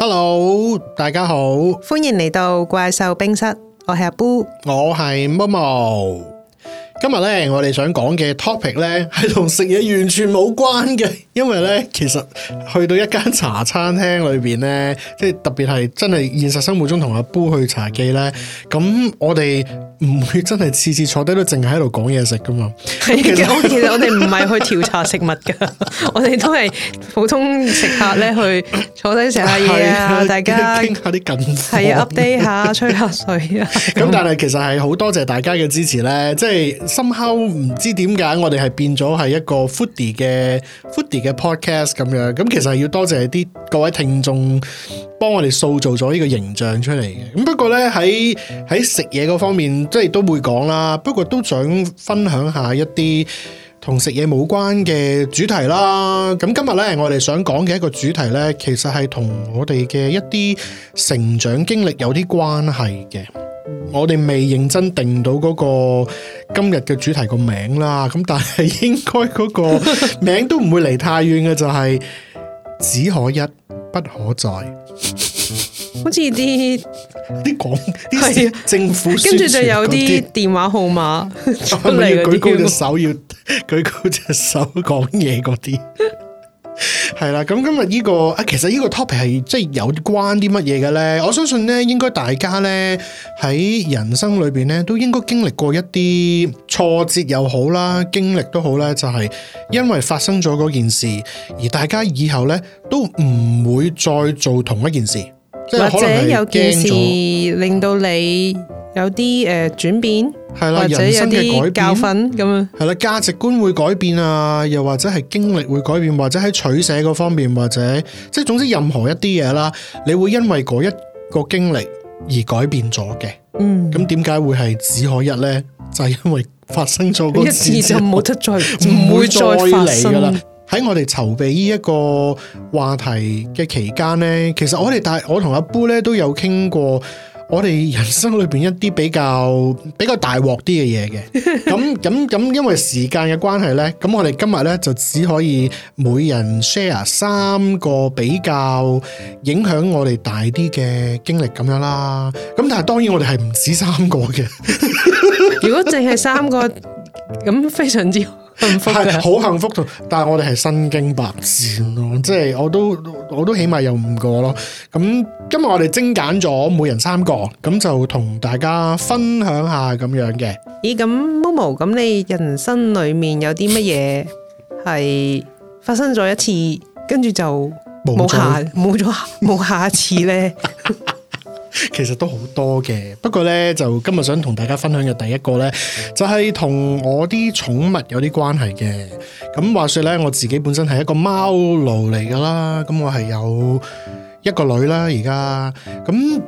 Hello，大家好，歡迎嚟到怪獸冰室，我係 Ar Boo，我係 Momo。今日咧，我哋想講嘅 topic 咧，係同食嘢完全冇關嘅。因為咧，其實去到一間茶餐廳裏邊咧，即係特別係真係現實生活中同阿煲去茶記咧，咁我哋唔會真係次次坐低都淨係喺度講嘢食噶嘛。係的，其實我哋唔係去調查食物噶， 我哋都係普通食客咧去坐低食下嘢啊，的大家傾下啲近係 update 下， 吹下水啊。咁這樣 但係其實係好多謝大家嘅支持咧，即係。Somehow 唔知點解，我哋係變咗係一個 foodie 嘅 foodie 嘅 podcast 咁樣。咁其實係要多謝啲各位聽眾幫我哋塑造咗呢個形象出嚟嘅。咁不過呢，喺喺食嘢嗰方面，即係都會講啦。不過都想分享下一啲同食嘢冇關嘅主題啦。咁今日呢，我哋想講嘅一個主題呢，其實係同我哋嘅一啲成長經歷有啲關係嘅。我哋未認真定到嗰個今日嘅主題個名啦，咁但係應該嗰個名都唔會離太遠嘅，就係只可一不可再。好似啲啲講係政府跟住就有啲電話號碼出嚟嗰啲，要舉高隻手， 要舉高隻手講嘢嗰啲。 係啦，咁、嗯、今日呢、呢個啊，其實呢個 topic 係即係有關啲乜嘢嘅咧？我相信咧，應該大家咧喺人生裏邊咧，都應該經歷過一啲挫折又好啦，經歷都好啦，就係、是、因為發生咗嗰件事，而大家以後咧都唔會再做同一件事。或者有件事令到你有啲誒轉變，係啦，或者有啲教訓咁啊，係啦樣，價值觀會改變啊，又或者係經歷會改變，或者喺取捨嗰方面，或者即係總之任何一啲嘢啦，你會因為嗰一個經歷而改變咗嘅。嗯，咁點解會係只可一咧？就係、是、因為發生咗嗰件事 一次就冇得再唔會再發生。喺我哋籌備呢一個話題嘅期間呢，其實我哋大，我同阿 Boo 咧都有傾過我哋人生裏邊一啲比較比較大鑊啲嘅嘢嘅。咁咁咁，因為時間嘅關係呢，咁我哋今日呢，就只可以每人 share 三個比較影響我哋大啲嘅經歷咁樣啦。咁但係當然我哋係唔止三個嘅。 如果淨係三個，咁非常之。係好幸福，但係我哋係身經百戰咯，即係我都我都起碼有五個咯。咁今日我哋精簡咗每人三個，咁就同大家分享下咁樣嘅。咦，咁 Momo，咁你人生裏面有啲乜嘢係發生咗一次，跟住 就冇下冇咗冇下一次呢？ 其實都好多嘅，不過呢，就今日想同大家分享嘅第一個呢，就係同我啲寵物有啲關係嘅。咁話說呢，我自己本身係一個貓奴嚟噶啦，咁我係有一個女啦而家，咁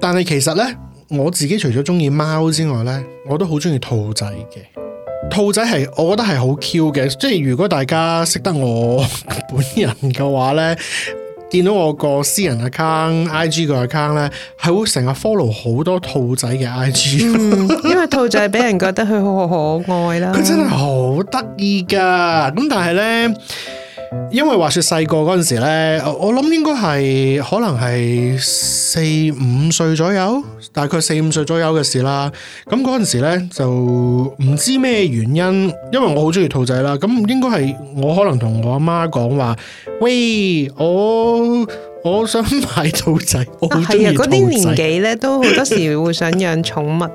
但係其實呢，我自己除咗中意貓之外呢，我都好中意兔仔嘅。兔仔係我覺得係好 Q 嘅，即係如果大家識得我本人嘅話呢。見到我個私人 account，IG 個 account 咧，係會成日 follow 好多兔仔嘅 IG。嗯， 因為兔仔俾人覺得佢好可愛啦。佢真係好得意噶，咁但係咧。因為話說細個嗰陣時咧，我諗應該係可能係四五歲左右，大概四五歲左右嘅事啦。咁嗰陣時咧就唔知咩原因，因為我好中意兔仔啦。咁應該係我可能同我阿媽講話，喂，我我想買兔仔，我好中意兔仔。係啊，嗰啲年紀咧 都好多時會想養寵物。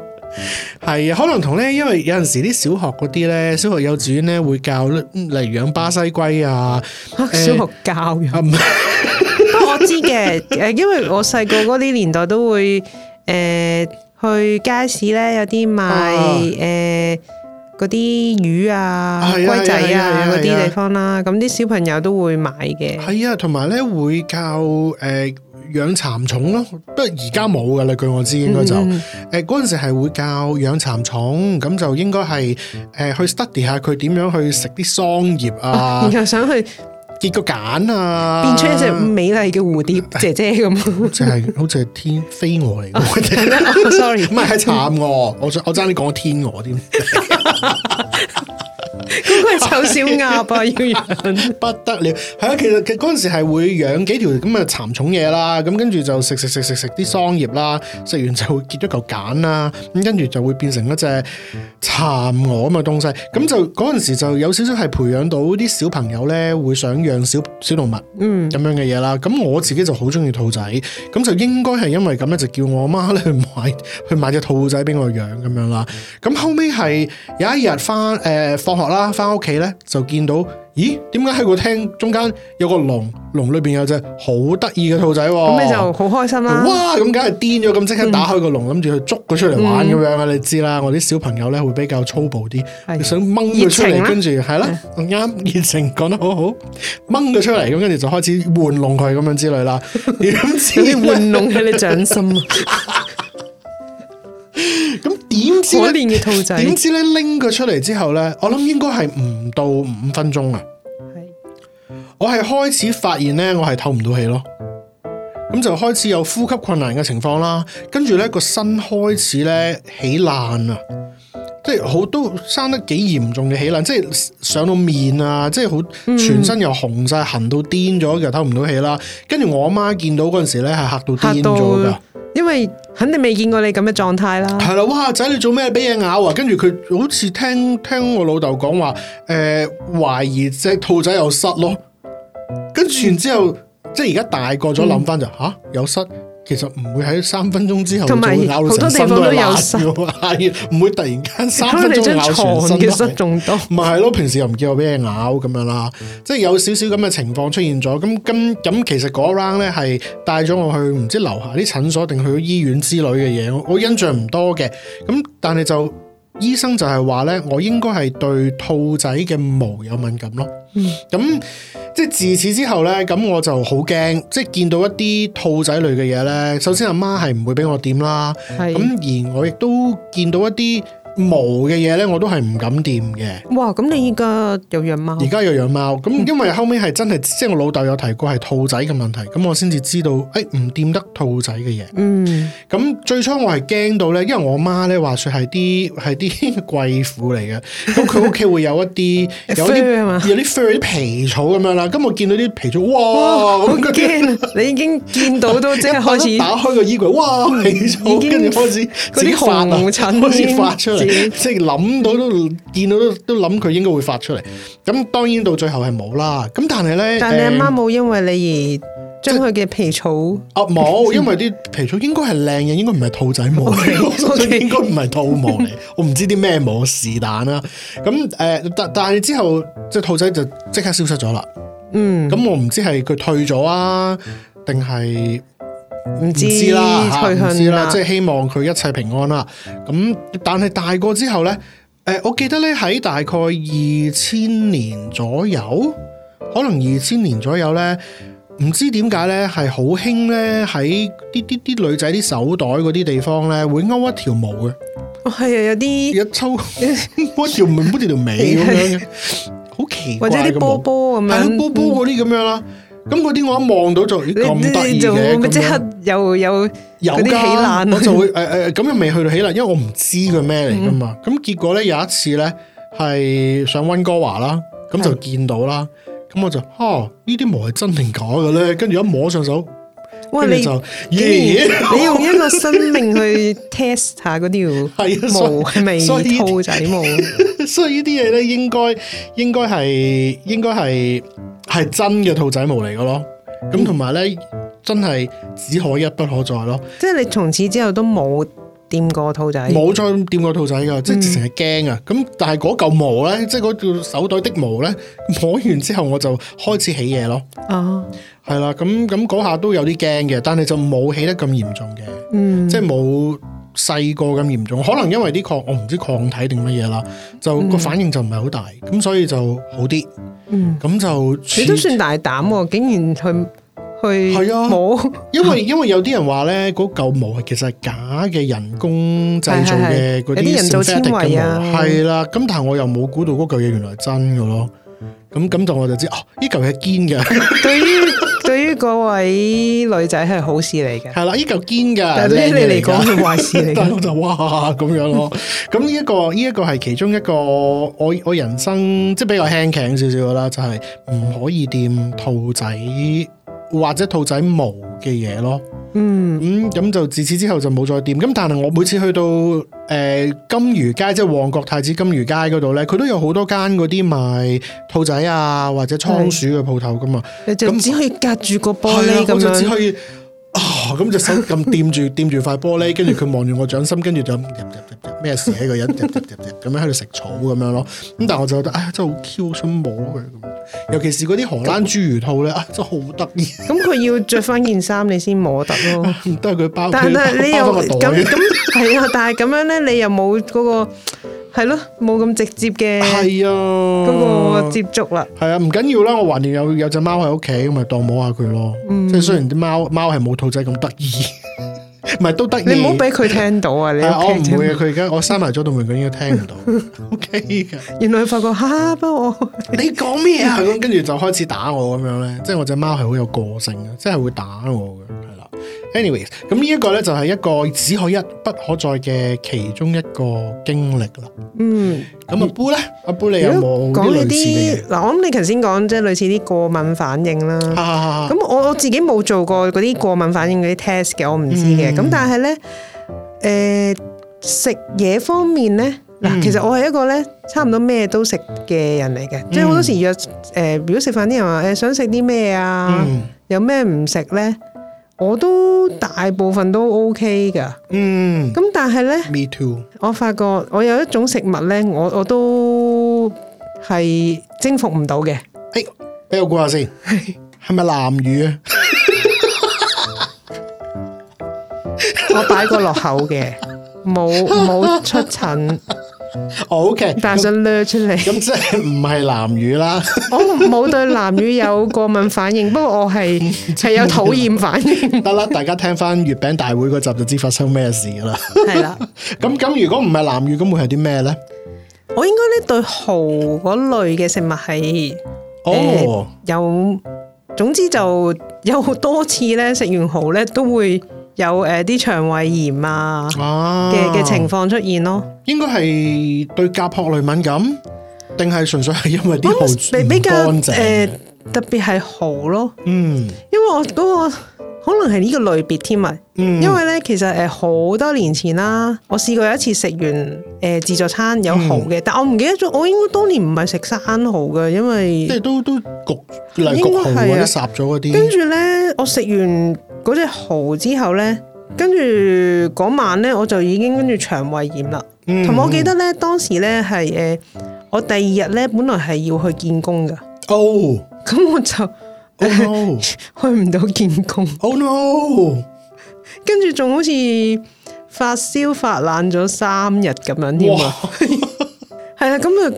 係啊，可能同咧，因為有陣時啲小學嗰啲咧，小學幼稚園咧會教例如養巴西龜啊，啊欸、小學教育。啊、 我知嘅，誒，因為我細個嗰啲年代都會誒、呃、去街市咧，有啲賣誒嗰啲魚啊、龜、啊、仔啊嗰啲、啊啊啊、地方啦，咁啲、啊啊啊、小朋友都會買嘅。係啊，同埋咧會教誒。養蠶蟲咯，不過而家冇㗎喇，據我知應該就，誒嗰陣時係會教養蠶蟲，咁就應該係誒、呃、去 study 下佢點樣去食啲桑葉啊，然後、啊、想去。結個繭啊，變出一隻美麗嘅蝴蝶姐姐咁，即係好似係天飛鵝嚟嘅，sorry，唔係係蠶蛾，我想我爭啲講天鵝添，嗰個係醜小鴨啊要養不得了，係、哎、啊，其實嗰陣時係會養幾條咁嘅蠶蟲嘢啦，咁跟住就食食食食食啲桑葉啦，食完就結咗嚿繭啦，咁跟住就會變成一隻蠶蛾咁嘅東西，咁就嗰陣時就有少少係培養到啲小朋友咧會想。養小小動物，嗯，咁樣嘅嘢啦，咁我自己就好中意兔仔，咁就應該係因為咁咧，就叫我媽咧去買，去買隻兔仔俾我養咁樣啦。咁後尾係有一日翻誒放學啦，翻屋企咧就見到，咦？點解喺個廳中間有個籠，籠裏邊有隻好得意嘅兔仔喎、啊？咁你就好開心啦！哇！咁梗係癲咗，咁即、嗯、刻打開個籠，諗住去捉佢出嚟玩咁樣啊！嗯、你知啦，我啲小朋友咧會比較粗暴啲，唉想掹佢出嚟，跟住係啦，啱完、嗯、成講得好好，掹佢出嚟，咁跟住就開始玩弄佢咁樣之類啦。 知點知玩弄喺你掌心啊？ 咁點知咧？可憐嘅兔仔。點知咧拎佢出嚟之後咧，我諗應該係唔到五分鐘啊。係是，我係開始發現咧，我係透唔到氣咯。咁、嗯、就開始有呼吸困難嘅情況啦。跟住咧個身開始咧起爛啊，即係好都生得幾嚴重嘅起爛，即係上到面啊，即係好全身又紅晒，痕到癲咗，又透唔到氣啦。嗯、跟住我阿媽見到嗰陣時咧，係嚇到癲咗噶。因為肯定未見過你咁嘅狀態啦，係啦、嗯， 哇，仔你做咩俾嘢咬啊？跟住佢好似聽聽我老豆講話，誒、呃、懷疑隻兔仔有蝨咯，跟住然之後、嗯、即係而家大個咗諗翻就吓、嗯啊，有蝨。其實唔會喺三分鐘之後就咬到全身都係牙，係唔 會突然間三分鐘咬全身都中毒。唔係咯，平時又唔見我俾人咬咁樣啦。嗯、即係有少少咁嘅情況出現咗。咁咁咁，其實嗰 round 咧係帶咗我去唔知樓下啲診所定去咗醫院之類嘅嘢。我我印象唔多嘅。咁但係就醫生就係話咧，我應該係對兔仔嘅毛有敏感咯。咁、嗯。即係自此之後咧，咁我就好驚，即係見到一啲兔仔類嘅嘢咧。首先阿媽係唔會俾我點啦，咁是而我亦都見到一啲毛嘅嘢咧，我都係唔敢掂嘅。哇！咁你依家有養貓？而家有養貓。咁，因為後尾係真係，即係我老豆有提過係兔仔嘅問題，咁我先至知道，誒，唔掂得兔仔嘅嘢。嗯。咁最初我係驚到咧，因為我媽咧話說係啲係啲貴婦嚟嘅，咁佢屋企會有一啲有啲有啲飛有啲皮草咁樣啦。咁我見到啲皮草，哇！好驚啊！你已經見到都即係開始打開個衣櫃，哇！皮草跟住開始嗰啲紅疹開始發出嚟。即係諗到都見到都都諗佢應該會發出嚟，咁當然到最後係冇啦。咁但係咧，但係你阿媽冇因為你而將佢嘅皮草，啊冇，呃、因為啲皮草應該係靚嘅，應該唔係兔仔毛嚟，okay, okay. 應該唔係兔毛嚟， 我唔知啲咩毛是但啦。咁誒、呃，但但係之後隻兔仔就即刻消失咗啦。嗯，咁我唔知係佢退咗啊，定係。唔知啦，唔知啦，即係、啊，就是、希望佢一切平安啦。咁但係大個之後咧，誒，我記得咧喺大概二千年左右，可能二千年左右咧，唔知點解咧係好興咧喺啲啲啲女仔啲手袋嗰啲地方咧會勾一條毛嘅。係啊、哦，有啲一抽，呵呵勾一條唔好似條尾咁樣嘅，好 的奇怪。或者啲波波咁，嘛樣，波波嗰啲咁樣啦。嗯咁嗰啲我一望到就你咦咁得意嘅，即刻又有有啲麼起爛，我就會誒誒，咁又未去到起爛，因為我唔知佢咩嚟噶嘛。咁、嗯、結果咧有一次咧係上溫哥華啦，咁就見到啦，咁的我就，嗬、啊，模呢啲毛係真定假嘅咧？跟住一摸上手。 就哇！你然耶你用一個生命去 test 下嗰條毛係咪啲兔仔毛？所以，所以，所以，所以呢啲嘢咧，應該應該係應該係係真嘅兔仔毛嚟嘅咯。咁同埋咧，真係只可一不可再咯。即係你從此之後都冇掂過兔仔，冇再掂過兔仔噶，嗯，即係直情係驚啊！咁但係嗰嚿毛咧，即係嗰條手袋的毛咧，摸完之後我就開始起嘢咯。哦。係啦，咁咁嗰下都有啲驚嘅，但係就冇起得咁嚴重嘅，嗯、即係冇細個咁嚴重。可能因為啲抗，我唔知抗體定乜嘢啦，就個反應就唔係好大，咁、嗯、所以就好啲。咁、嗯、就你都算大膽、啊，竟然去、嗯、去摸啊，冇。 因為因為有啲人話咧，嗰嚿毛係其實係假嘅，人工製造嘅嗰啲人造纖維啊，係啦、嗯。咁但係我又冇估到嗰嚿嘢原來係真嘅咯。咁咁就我就知哦，呢嚿嘢堅嘅。 對於嗰位女仔係好事嚟嘅，係啦，依嚿堅㗎，但係對你嚟講係壞事嚟嘅。但係我就哇咁樣咯，咁呢一個呢一、呢個係其中一個我我人生即係比較輕頸少少嘅啦，就係、是、唔可以掂兔仔或者兔仔毛嘅嘢咯。嗯，咁咁就自此之後就冇再掂。咁但係我每次去到誒、呃、金魚街，即係旺角太子金魚街嗰度咧，佢都有好多間嗰啲賣兔仔啊或者倉鼠嘅鋪頭噶嘛。咁只可以隔住個玻璃咁樣。咁隻、 哦、手咁掂住掂住塊玻璃，跟住佢望住我掌心，跟住就咩事喺、啊、個、啊、人，咁樣喺度食草咁樣咯。咁但係我就覺得啊，真係好 Q，想摸佢。尤其是嗰啲荷蘭侏儒兔咧，真係好得意。咁佢要着翻件衫，你先摸得咯。都係佢包，但係你又咁咁係啊？但係咁樣咧， 你又冇嗰個。係咯，冇咁直接嘅。啊，咁我接觸啦。係啊，唔緊要啦，我懷念有有隻貓喺屋企，我咪當摸下佢咯。即係、嗯、雖然啲貓貓係冇兔仔咁得意，唔 係都得意。你唔好俾佢聽到啊！你啊。我唔會啊，佢而家我閂埋咗道門，佢應該聽唔到。O K，原來佢發覺吓不過我，你講咩啊？跟住就開始打我咁樣咧，即係我隻貓係好有個性啊，即係會打我嘅。Anyway，咁呢一個咧就係一個只可一不可再嘅其中一個經歷啦。嗯，咁阿 Boo 咧，阿 Boo 你有冇講呢啲嗱？我諗你頭先講即係類似啲過敏反應啦。咁我我自己冇做過嗰啲過敏反應嗰啲 test 嘅，我唔知嘅。咁但係咧，誒，食嘢方面咧，嗱，其實我係一個咧差唔多咩都食嘅人嚟嘅，即係好多時約誒，如果食飯啲人話誒想食啲咩啊，有咩唔食咧？我都大部分都 OK 㗎，嗯，咁但係咧，Me too. 我發覺我有一種食物咧，我我都係征服唔到嘅。誒、hey，俾我估下先，係咪藍魚啊？ 我擺過落口嘅，冇冇出疹。O K，但係想掠出嚟，咁即係唔係南乳啦。我冇對南乳有過敏反應， 不過我係係 有討厭反應。得啦， 大家聽翻月餅大會嗰集就知發生咩事㗎啦。係 啦，咁咁如果唔係南乳，咁會係啲咩咧？我應該咧對蚝嗰類嘅食物係、oh. 呃，有總之就有好多次咧食完蚝咧都會。有誒啲腸胃炎啊嘅嘅、啊、情況出現咯，應該係對甲殼類敏感，定係純粹係因為啲蠔比較誒、呃、特別係蠔咯，嗯，因為我嗰、嗰個可能係呢個類別添啊，嗯、因為咧其實誒好多年前啦，我試過有一次食完誒、呃、自助餐有蠔嘅，嗯、但我唔記得咗，我應該當年唔係食生蠔嘅，因為都都焗嚟焗蠔嗰啲烚咗嗰啲，跟住咧我食完。嗰隻蠔之後咧，跟住嗰晚咧，我就已經跟住腸胃炎啦。同埋，嗯、我記得咧，當時咧係誒，我第二日咧本來係要去見工噶。哦，咁我就，哦、 去唔到見工。哦 no，跟住仲好似發燒發爛咗三日咁哇 樣添啊。係啊，咁啊，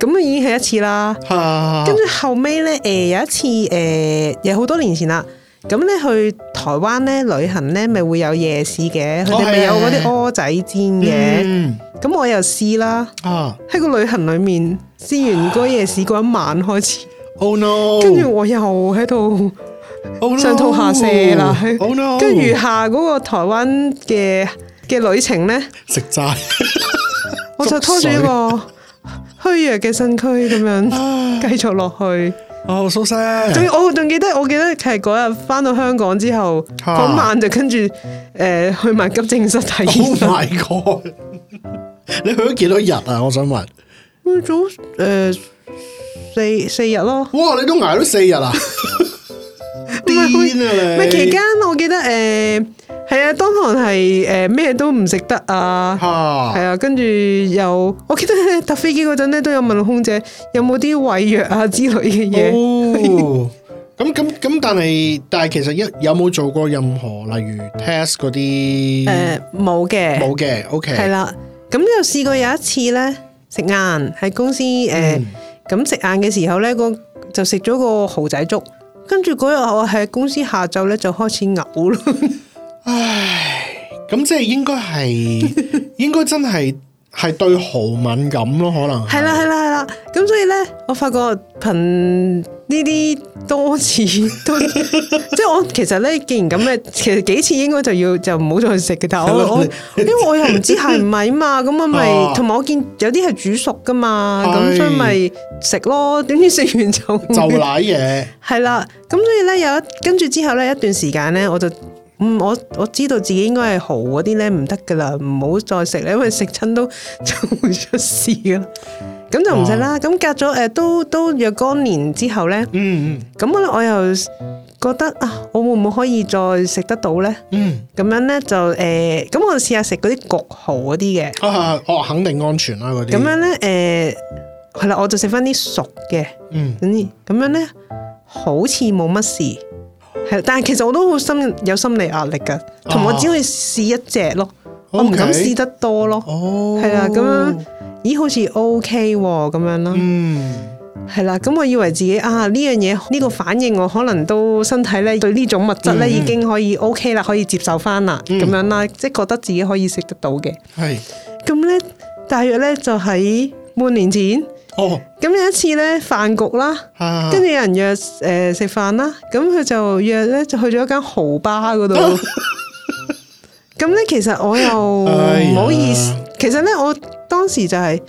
咁啊已經係一次啦。跟住，啊嗯嗯，後尾咧，誒有一次，誒有好多年前啦。咁咧去台灣咧旅行咧，咪會有夜市嘅，佢哋咪有嗰啲蚵仔煎嘅。咁、嗯嗯、我又試啦，喺、啊、個旅行裏面，試完個夜市嗰一晚開始。Oh no！跟住我又喺度上吐下瀉啦。跟住、oh, no. oh, no. 下嗰個台灣嘅嘅旅程咧，食齋光， 我就拖住一個虛弱嘅身軀咁樣繼續落去。啊哦，蘇生、oh, so，仲我仲記得，我記得係嗰日翻到香港之後，嗰晚就跟住誒、呃、去埋急症室睇醫生。Oh、my god 你去咗幾多日啊？我想問，嗯、早誒四四日咯。哇！你都挨咗四日啊？ 咪期間我記得誒、係、呃、啊，當堂係誒咩都唔食得啊，係啊，跟住、啊、又我記得搭飛機嗰陣咧，都有問空姐有冇啲胃藥啊之類嘅嘢。咁咁咁，但係但係其實一有冇做過任何例如 test 嗰啲，誒冇嘅冇嘅，OK 係啦。咁又試過有一次咧食晏喺公司誒，咁食晏嘅時候咧就食咗個蠔仔粥。跟住嗰日我喺公司下晝呢就開始嘔啦，唉，咁即係應該係 應該真係。係對蠔敏感咯可能係啦，係啦，係啦。咁所以咧，我發覺憑呢啲多次都， 即係我其實咧，既然咁嘅，其實幾次應該就要就唔好再食嘅。但我我，我，因為我又唔知係唔係啊嘛，咁我咪同埋我見有啲係煮熟噶嘛，咁的所以咪食咯點知食完就就瀨嘢，係啦。咁所以咧，有一跟住之後咧，一段時間咧，我就。嗯，我我知道自己應該係蠔嗰啲咧唔得噶啦，唔好再食啦，因為食親都就會出事嘅。咁就唔食啦。咁、哦、隔咗誒、呃、都都約多年若干年之後咧，嗯嗯，咁我又覺得啊，我會唔會可以再食得到咧？嗯，咁樣咧就誒，咁、呃、我試下食嗰啲焗蠔嗰啲嘅，啊哦，肯定安全啦嗰啲。咁樣咧誒，係、呃、啦，我就食翻啲熟嘅，嗯，咁樣咁樣咧好似冇乜事。係，但係其實我都好心有心理壓力㗎，同我只可以試一隻咯，啊、我唔敢試得多咯，係啊、哦，咁樣咦好似 O K 咁樣咯，係啦，咁、嗯、我以為自己啊呢樣嘢呢個反應我可能都身體咧對呢種物質咧、嗯、已經可以 O K 啦，可以接受翻啦咁樣啦，即係覺得自己可以食得到嘅，係、嗯，咁咧大約咧就喺半年前。哦，咁有一次咧，飯局啦，跟住有人約誒食飯啦，咁佢就約咧，就去咗一間蠔 bar 嗰度。咁咧，其實我又唔好意思，其實咧，我當時就係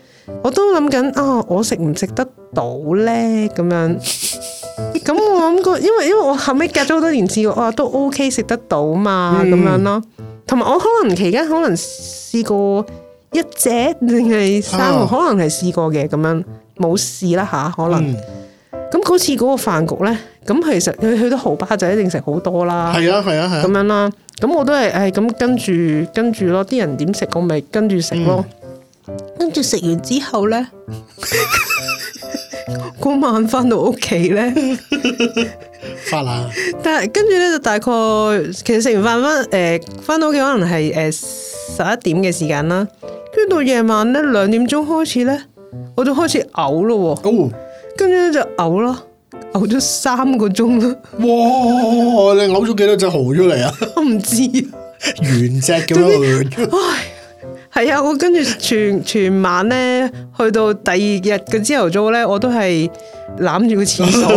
我都諗緊啊，我食唔食得到咧咁樣。咁我諗過，因為因為我後尾隔咗好多年次，我話都 OK 食得到嘛，咁樣咯。同埋我可能期間可能試過。一隻定係三個，哦、可能係試過嘅咁樣，冇試啦嚇，可能。咁嗰次嗰個飯局咧，咁其實去到啲豪巴仔一定食好多啦，係啊係啊係咁、啊、樣啦。咁我都係誒咁跟住跟住咯，啲人點食我咪跟住食咯。跟住食完之後咧，嗰 晚翻到屋企咧發冷。 但係跟住咧就大概，其實食完飯翻誒翻到屋企，可能係誒。呃十一點嘅時間啦，跟住到夜晚咧兩點鐘開始咧，我就開始嘔咯，跟住咧就嘔咯，嘔咗三個鐘咯。哇！你嘔咗幾多隻蠔出嚟啊？我唔知啊，原隻咁樣。係啊，我跟住全全晚咧，去到第二日嘅朝頭早咧，我都係攬住個廁所。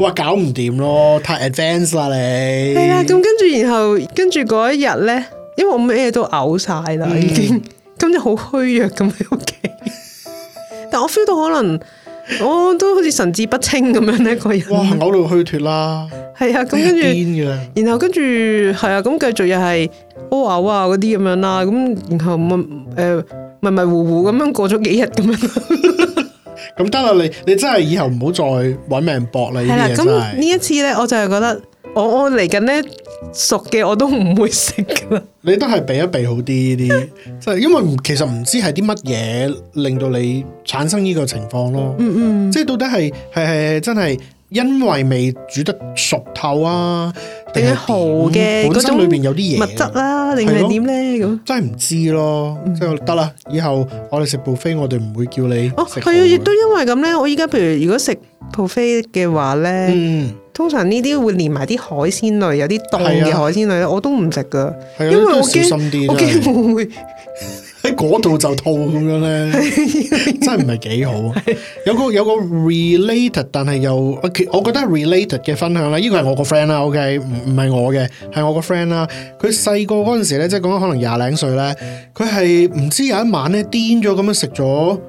哇、 嗯！搞唔掂咯，太 advance 啦你。係啊，咁跟住然後跟住嗰一日咧。因為我咩都嘔晒啦，已經今日好虛弱咁喺屋企。但我 feel 到可能我都好似神志不清咁樣咧，個人。哇，嘔到虛脱啦！係啊，咁跟住然後跟住係啊，咁繼續又係屙嘔啊嗰啲咁樣啦，咁然後誒、呃、迷迷糊糊咁樣過咗幾日咁樣。咁得啦，你你真係以後唔好再揾命搏啦。係啦，咁、啊、呢一次咧，我就係覺得。我我嚟緊咧熟嘅我都唔會食噶啦，你都係避一避好啲啲，即係因為其實唔知係啲乜嘢令到你產生呢個情況咯。嗯嗯，嗯即係到底係誒真係因為未煮得熟透啊，定係蠔嘅？嗯嗯、本身裏邊有啲嘢、啊、物質啦、啊，定係點咧咁？對咯 真係唔知咯，即係得啦。以後我哋食 buffet，我哋唔會叫你哦。係啊，亦都因為咁咧。我依家譬如如果食 buffet 嘅話咧，嗯。嗯嗯嗯嗯嗯通常呢啲會連埋啲海鮮類，有啲凍嘅海鮮類、啊、我都唔食噶，啊、因為我驚我唔會喺嗰度就吐咁樣咧， 真係唔係幾好。 有個有個 related，但係又我覺得 related 嘅分享咧，呢個係我個 friend 啦，OK，唔唔係我嘅，係我個 friend 啦。佢細個嗰陣時咧，即係講緊可能廿零歲咧，佢係唔知有一晚咧，癲咗咁樣食咗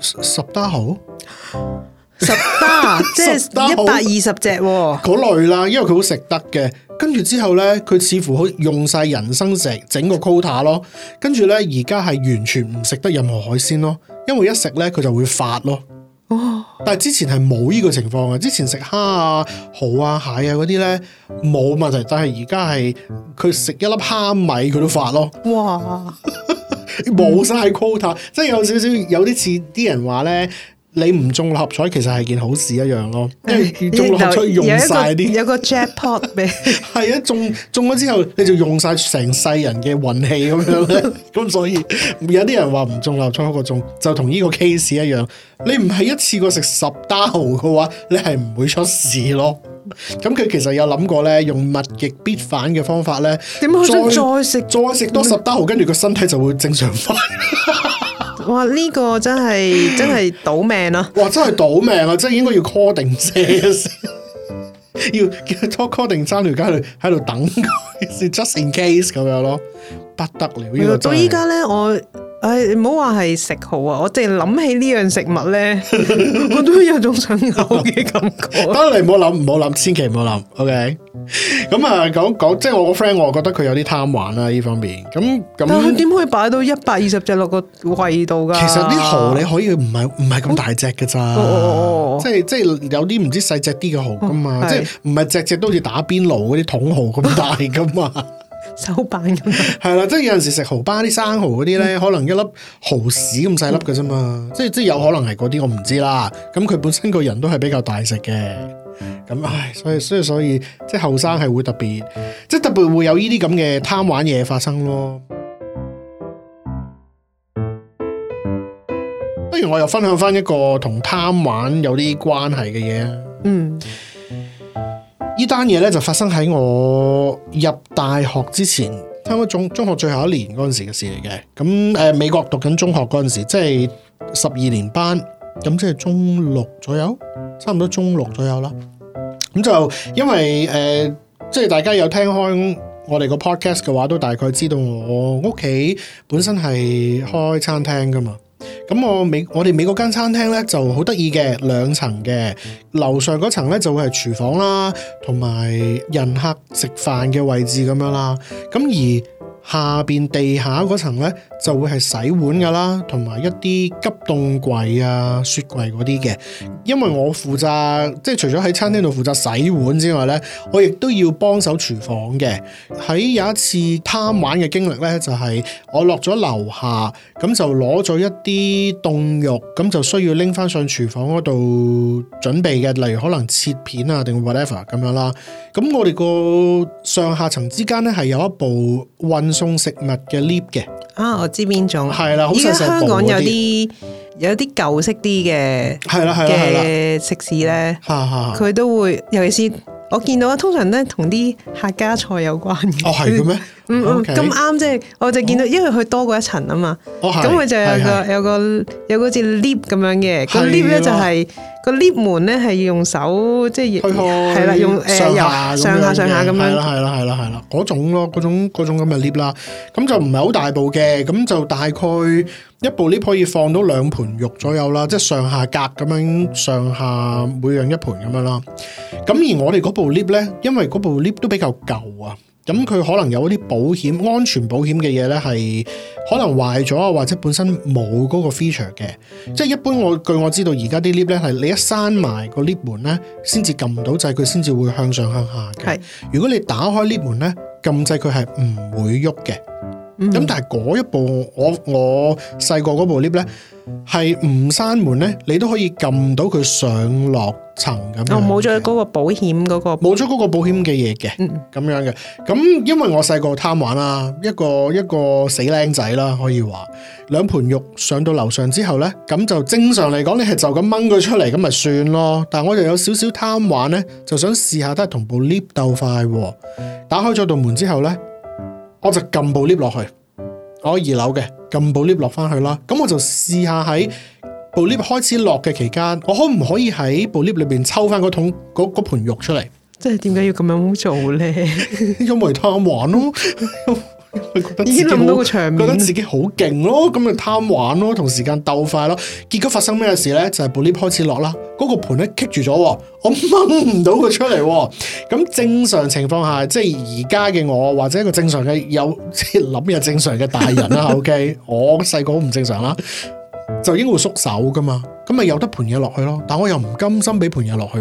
十打蠔。十包，18, 即係一百二十隻嗰類啦，因為佢好食得嘅。跟住之後呢，佢似乎好用晒人生食整個 quota 咯。跟住呢，而家係完全唔食得任何海鮮咯，因為一食呢，佢就會發咯。哦，但係之前係冇呢個情況嘅，之前食蝦啊、蠔啊、蟹啊嗰啲呢，冇問題，但係而家係佢食一粒蝦米佢都發咯。哇，冇晒 quota，即係有少少有啲似啲人話呢。 你唔中六合彩其實係件好事一樣咯，因為、嗯、中六合彩用晒啲，嗯，有個 jackpot 咪係啊，中中咗之後你就用晒成世人嘅運氣咁樣啦。咁 所以有啲人話唔中六合彩好過中，就同呢個 case 一樣。你唔係一次過食十打蠔嘅話，你係唔會出事咯。咁佢其實有諗過咧，用物極必反嘅方法咧，點解麼再想再食再食多十打蠔跟住個身體就會正常翻？ 哇！呢、這個真係真係賭命咯！哇！真係賭命啊！即係 應該要 coding 先，要叫拖 coding 翻條街去喺度等佢 ，just in case 咁樣咯，不得了！嗯、到依家咧，我。誒，唔好話係食蚝啊！我淨係諗起呢樣食物咧， 我都有種想嘔嘅感覺。當然， 唔好諗，唔好諗，千祈唔好諗，OK？咁 啊、嗯，講講，即係我個 friend，我又覺得佢有啲貪玩啦，呢方面。咁咁點可以擺到一百二十隻落個胃度噶？其實啲蚝你可以唔係唔係咁大隻噶咋？哦,哦,哦,哦,哦,哦即係即係有啲唔知細隻啲嘅蚝噶嘛？即係唔係只只都好似打邊爐嗰啲桶蚝咁大噶嘛？手板咁，係啦，即係有陣時食蚝吧，啲生蚝嗰啲咧，可能一粒蚝屎咁細粒嘅啫嘛，即係即係有可能係嗰啲，我唔知啦。咁佢本身個人都係比較大食嘅，咁唉，所以所以所以，即係後生係會特別，即係特別會有呢啲咁嘅貪玩嘢發生咯。 不如我又分享翻一個同貪玩有啲關係嘅嘢。嗯。 單嘢咧就發生喺我入大學之前，差唔多中中學最後一年嗰陣時嘅事嚟嘅。咁誒、呃，美國讀緊中學嗰陣時，即係十二年班，咁即係中六左右，差唔多中六左右啦。咁就因為誒、呃，即係大家有聽開我哋個 podcast 嘅話，都大概知道我屋企本身係開餐廳噶嘛。咁我美我哋美國間餐廳咧就好得意嘅，兩層嘅，樓上嗰層咧就會係廚房啦，同埋人客食飯嘅位置咁樣啦，咁而。下邊地下層咧就會係洗碗噶啦，同埋一啲急凍櫃啊、雪櫃啲嘅。因為我負責即係除咗喺餐廳度負責洗碗之外咧，我亦都要幫手廚房嘅。喺有一次貪玩嘅經歷咧，就係、是、我落咗樓下，咁就攞咗一啲凍肉，咁就需要拎翻上廚房度準備嘅，例如可能切片啊，定 whatever 咁樣啦。咁我哋個上下層之間咧係有一部運，送食物嘅 lift 嘅啊，我知邊種係啦，而家香港有啲有啲舊式啲嘅係啦係啦嘅食肆咧，佢都會尤其是我見到通常咧同啲客家菜有關嘅，哦係嘅咩？嗯嗯，咁啱即係，我就見到，因為佢多過一層啊嘛。咁佢就有個有個有個似 lift 咁樣嘅，個 lift 咧就係個 lift 門咧係要用手即係，係啦，用誒上下上下咁樣。係啦係啦係啦，嗰種咯，嗰種嗰種咁嘅 lift 啦。咁就唔係好大部嘅，咁就大概一部 lift 可以放到兩盤肉左右啦，即係上下格咁樣，上下每樣一盤咁樣啦。咁而我哋嗰部 lift 咧，因為嗰部 lift 都比較舊啊。咁佢、嗯、可能有嗰啲保險、安全保險嘅嘢咧，係可能壞咗啊，或者本身冇嗰個 feature 嘅。即係一般我據我知道，而家啲 lift 咧係你一閂埋個 lift 門咧，先至撳到掣，佢先至會向上向下嘅。係是，如果你打開 lift 門咧，撳掣佢係唔會喐嘅。咁、嗯、但係嗰一部我我細個嗰部 lift 咧係唔閂門咧，你都可以撳到佢上落層咁樣我冇咗嗰個保險個，冇、那、咗個保險嘅嘢嘅，咁、嗯、哼樣嘅。咁因為我細個貪玩啦、啊，一個一個死靚仔啦，可以話兩盤肉上到樓上之後咧，咁就正常嚟講，你係就咁掹佢出嚟咁咪算咯。但係我就有少少貪玩咧，就想試下都係同部 lift 鬥快、啊。打開咗道門之後咧。我就撳部 lift 落去，我二樓嘅撳部 lift 落翻去啦。咁我就試下喺部 lift 開始落嘅期間，我可唔可以喺部 lift 裏邊抽翻嗰桶嗰嗰盆肉出嚟？即係點解要咁樣做咧？ 因為貪玩咯。 覺得自己已經到個場面，覺得自己好勁咯，咁咪貪玩咯，同時間鬥快咯，結果發生咩事咧？就係部 lift 開始落啦，嗰、嗰個盤咧棘住咗，我掹唔到佢出嚟。咁 正常情況下，即係而家嘅我或者一個正常嘅有諗嘅正常嘅大人啦。 o、okay? K，我細個好唔正常啦。就應該會縮手噶嘛，咁咪有得盤嘢落去咯。但我又唔甘心俾盤嘢落去。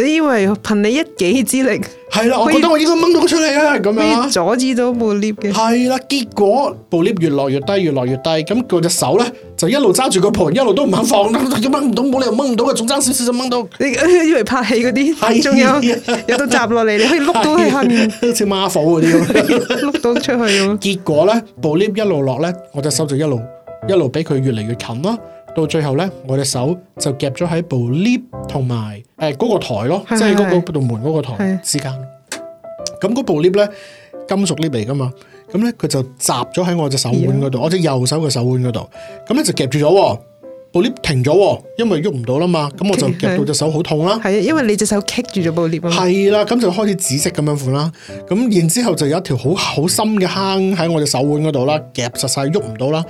你以為憑你一己之力？係啦， 我覺得我應該掹到出嚟啦，咁樣阻止到部 lift 嘅。係啦，結果部 lift 越落越低，越落越低。咁我隻手咧就一路揸住個盤，一路都唔肯放。咁掹唔到，冇理由掹唔到嘅，仲爭少少就掹到。你以為拍戲嗰啲係，仲有 有到閘落嚟，你可以碌到喺下面，好似馬房嗰啲碌到出去。結果咧部 lift 一路落咧，我隻手就一路。一路俾佢越嚟越近咯，到最後咧，我隻手就夾咗喺部 lift 同埋誒嗰個台咯， 即係嗰個度門嗰個台之間。咁嗰 部 lift 咧，金屬 lift 嚟噶嘛，咁咧佢就閘咗喺我隻手腕嗰度，哎、呦我隻右手嘅手腕嗰度。咁咧就夾住咗，部 lift 停咗，因為喐唔到啦嘛。咁我就夾到隻手好痛啦。係啊， 因為你隻手棘住咗部 lift 咯、啊。係啦，咁 就開始紫色咁樣款啦。咁然之後就有一條好好深嘅坑喺我隻手腕嗰度啦，夾實晒，喐唔到啦。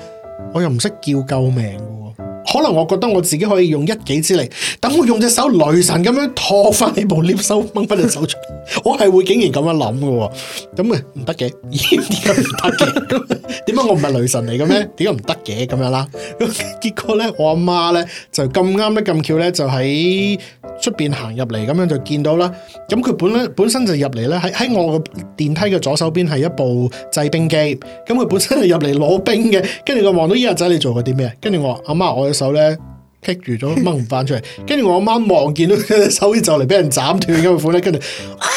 我又唔識叫救命㗎喎。可能我覺得我自己可以用一己之力，等我用隻手雷神咁樣拖翻你部 lift 手掹翻隻手出，我係會竟然咁樣諗嘅喎。咁啊唔得嘅，咦，點解唔得嘅？點 解我唔係雷神嚟嘅咩？點解唔得嘅咁樣啦？ 結果咧，我阿媽咧就咁啱咧咁巧咧，就喺出邊行入嚟，咁樣就見到啦。咁佢本本身就入嚟咧，喺喺我嘅電梯嘅左手邊係一部製冰機，咁佢本身係入嚟攞冰嘅，跟住佢望到依個仔你做過啲咩？跟住我阿媽，我。手咧棘住咗掹唔翻出嚟，跟住我阿媽望見到佢隻手就嚟俾人斬斷咁款咧，跟住啊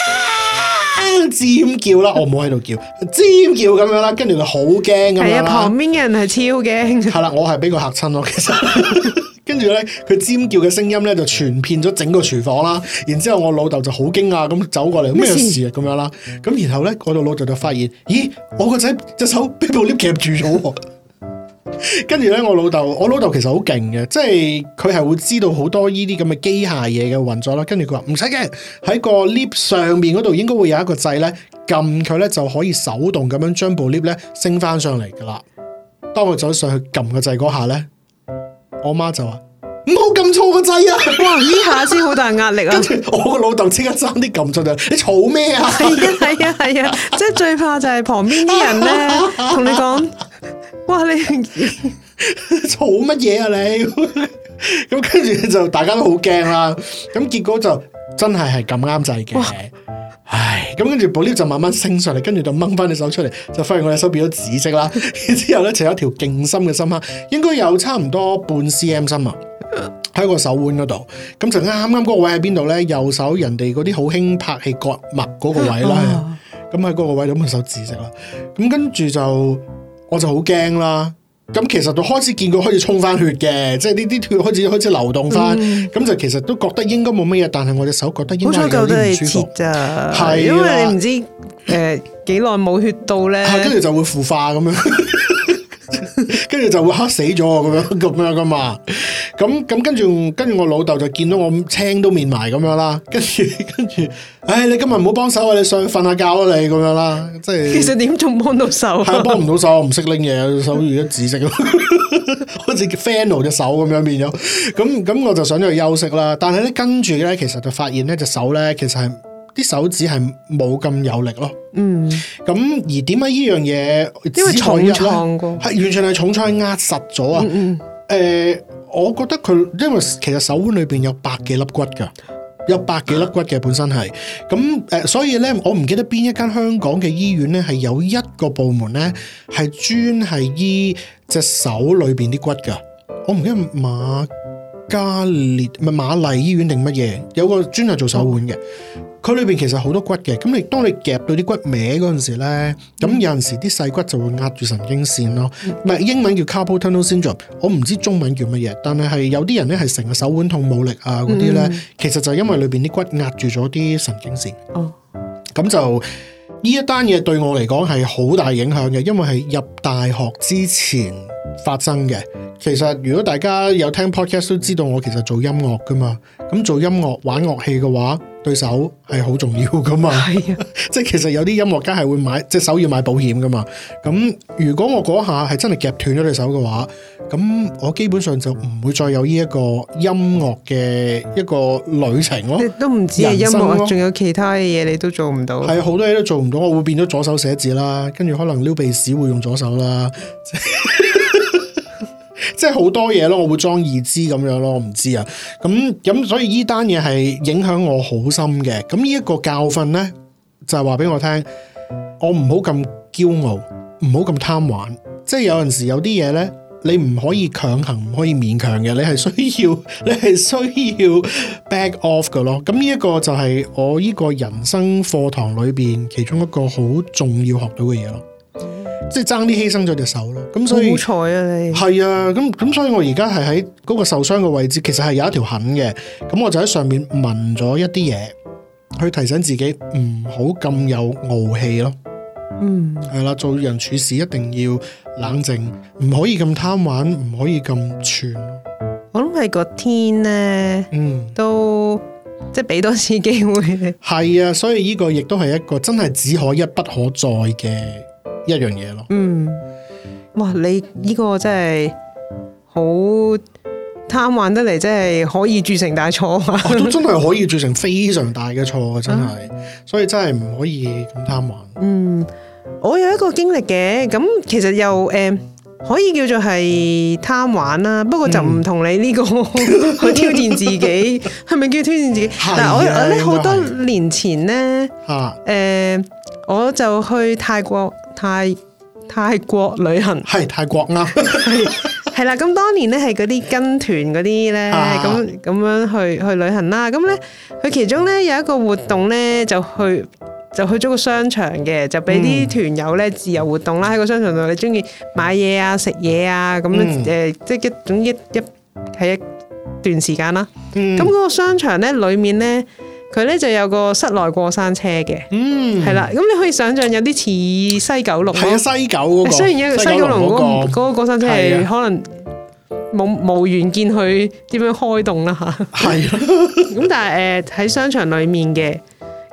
尖叫啦，我唔好喺度叫尖叫咁樣啦，跟住佢好驚咁樣。係啊， 旁邊嘅人係超驚。係啦， 我係俾佢吓親咯，其實。跟住咧，佢尖叫嘅聲音咧就傳遍咗整個廚房啦。然之後我老豆就好驚訝啊，咁走過嚟咩事啊咁樣啦。咁然後咧，度、那個、老豆就發現，咦，我個仔隻手俾部 lift 夾住咗。跟住咧，我老豆，我老豆其實好勁嘅，即係佢係會知道好多呢啲咁嘅機械嘢嘅運作啦。跟住佢話唔使驚，喺個 lift 上面嗰度應該會有一個掣咧，撳佢咧就可以手動咁樣將部 lift 咧升翻上嚟噶啦。當我走上去撳個掣嗰下咧，我媽就話。唔好咁粗個掣啊！哇、 嗯，呢下先好大壓力啊！ 跟住我個老豆即刻爭啲咁出嚟，你嘈咩啊？係啊，係啊，係啊！即係最怕就係旁邊啲人咧，同你講：，哇，你嘈乜嘢啊？你咁跟住就大家都好驚啦。咁結果就真係係咁啱制嘅。哇 唉，咁跟住保鏢就慢慢升上嚟，跟住就掹翻隻手出嚟，就發現我隻手變咗紫色啦。之後咧，就有一條勁深嘅深黑，應該有差唔多半 C M 深啊。喺 esta pe ño sounds 個手腕嗰度，咁 就啱啱嗰位喺邊度咧？右手人哋嗰啲好輕拍氣割脈嗰個位啦，咁喺嗰個位咁佢、哦那個、手指食啦，咁跟住就我就好驚啦。咁其實就開始見佢開始衝翻血嘅，即係呢啲血開始開始流動翻，咁就其實都覺得應該冇乜嘢，但係我隻手覺得應該有啲唔舒服咋，係因為你唔知誒幾耐冇血到咧，跟住、 啊、就會腐化咁樣，跟 住就會黑死咗咁樣咁樣噶嘛。咁咁跟住跟住我老豆就見到我青都面埋咁樣啦，跟住跟住，唉、哎，你今日唔好幫，手，幫手啊，你上去瞓下覺啊，你咁樣啦，即係其實點仲幫到手？係幫唔到手，我唔識拎嘢，手而家紫色咯，好似 fan 到隻手咁樣變咗。咁咁我就想去休息啦。但係咧，跟住咧，其實就發現咧，隻手咧，其實係啲手指係冇咁有力咯。嗯。咁而點解呢樣嘢？因為重創過，係完全係重創壓實咗啊。誒、嗯。嗯呃我覺得佢因為其實手腕裏邊有百幾粒骨㗎，有百幾粒骨嘅本身係咁誒，所以咧，我唔記得邊一間香港嘅醫院咧，係有一個部門咧，係專係醫隻手裏邊啲骨㗎，我唔記得馬。加列，唔係瑪麗醫院定乜嘢？有個專係做手腕嘅，佢裏邊其實好多骨嘅。咁你當你夾到啲骨歪嗰陣時咧，咁有陣時啲細骨就會壓住神經線咯。唔係、嗯、英文叫 carpal tunnel syndrome，我唔知中文叫乜嘢，但係係有啲人咧係成個手腕痛冇力啊嗰啲咧，呢、嗯、其實就因為裏邊啲骨壓住咗啲神經線。哦、嗯，咁就呢一單嘢對我嚟講係好大影響嘅，因為係入大學之前。發生嘅，其實如果大家有聽 podcast 都知道我其實做音樂噶嘛，咁做音樂玩樂器嘅話，對手係好重要噶嘛，啊、 即係其實有啲音樂家係會買即手要買保險噶嘛，咁如果我嗰下係真係夾斷咗對手嘅話，咁我基本上就唔會再有呢一個音樂嘅一個旅程咯，都唔止係音樂，啊，仲有其他嘅嘢，你都做唔到，係好多嘢都做唔到，我會變咗左手寫字啦，跟住可能撩鼻屎會用左手啦。 即係好多嘢咯，我會裝未知咁樣咯，唔知啊。咁咁所以呢單嘢係影響我好深嘅。咁呢一個教訓呢，就係話俾我聽，我唔好咁驕傲，唔好咁貪玩。即係有陣時有啲嘢呢，你唔可以強行，唔可以勉強嘅。你係需要，你係需要 back off 嘅咯。咁呢一個就係我呢個人生課堂裏邊其中一個好重要學到嘅嘢咯。即係爭啲犧牲咗隻手咯，咁、嗯、所以好彩啊你係啊，咁咁所以我而家係喺嗰個受傷嘅位置，其實係有一條痕嘅，咁我就喺上面紋咗一啲嘢，去提醒自己唔好咁有傲氣咯。嗯，係啦、啊，做人處事一定要冷靜，唔可以咁貪玩，唔可以咁串。我諗係個天咧，嗯，都即係俾多次機會。係啊，所以呢個亦都係一個真係只可一不可再嘅。一樣嘢咯，嗯，哇，你呢個真係好貪玩得嚟，真係可以鑄成大錯啊！我真係可以鑄成非常大嘅錯真係，啊、所以真係唔可以咁貪玩。嗯，我有一個經歷嘅，咁其實又誒、呃、可以叫做係貪玩啦，不過就唔同你呢、呢個去、嗯、 挑戰自己，係咪 叫挑戰自己？啊、但係我我咧好多年前咧，誒、呃， 我就去泰國。泰泰國旅行係泰國啦 ，係啦，咁當年咧係嗰啲跟團嗰啲咧，咁咁、啊、樣去去旅行啦。咁咧，佢其中咧有一個活動咧，就去就去咗個商場嘅，就俾啲團友咧自由活動啦。喺、嗯、個商場度，你中意買嘢啊、食嘢啊，咁樣誒，即係一種一一係一,一段時間啦。咁嗰、嗯、個商場咧，裏面咧。佢咧就有個室內過山車嘅，嗯，係啦。咁你可以想象有啲似西，西、嗰個、西九龍係、那、啊、個，西九嗰個西九龍嗰、嗰個過山車係可能冇冇緣見佢點樣開動啦嚇。係啊的，咁 但係誒喺商場裡面嘅，